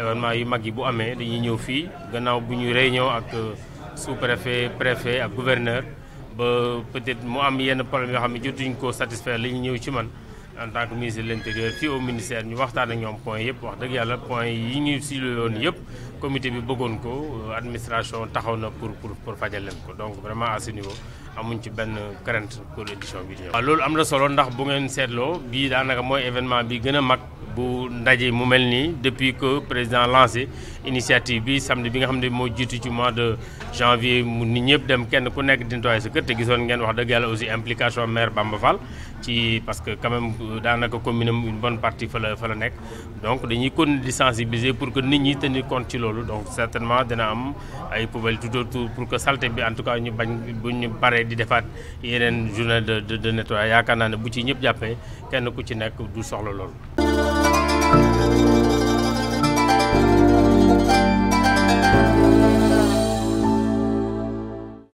événement yu mag yi bu amee dañuy ñëw fii gannaaw bu ñu réunion ak euh, sous-préfet préfet ak gouverneur ba peut-être mu am yenn problème yoo xam ne jotuñ ko satisfaire la ñu ñëw ci man en tant que ministre de l'intérieur fii au ministère ñu waxtaan ak ñoom point yëpp wax dëgg yàlla point yi ñu siloon yëpp comité bi bëggoon ko euh, administration taxaw na pour pour pour fajal leen ko donc vraiment à ce niveau amuñ ci benn crainte pour édition bi di ñëw. waaw loolu am na bi gën a bu ndaje mu mel nii depuis que président lancé initiative bi samedi bi nga xam ne moo jiitu ci mois de janvier mu nit ñëpp dem kenn ku nekk di nettoyer sa kër te gisoon ngeen wax dëgg yàlla aussi implication maire Bamba Fall ci parce que quand même daanaka commune une bonne partie fa la fa la nekk donc dañuy continuer di sensibiliser pour que nit ñi tenir compte ci loolu donc certainement dina am ay poubelle tout autour pour que saleté bi en tout cas ñu bañ bu ñu paree di defaat yeneen journée de de nettoyage yaakaar naa ne bu ci ñëpp jàppee kenn ku ci nekk du soxla loolu.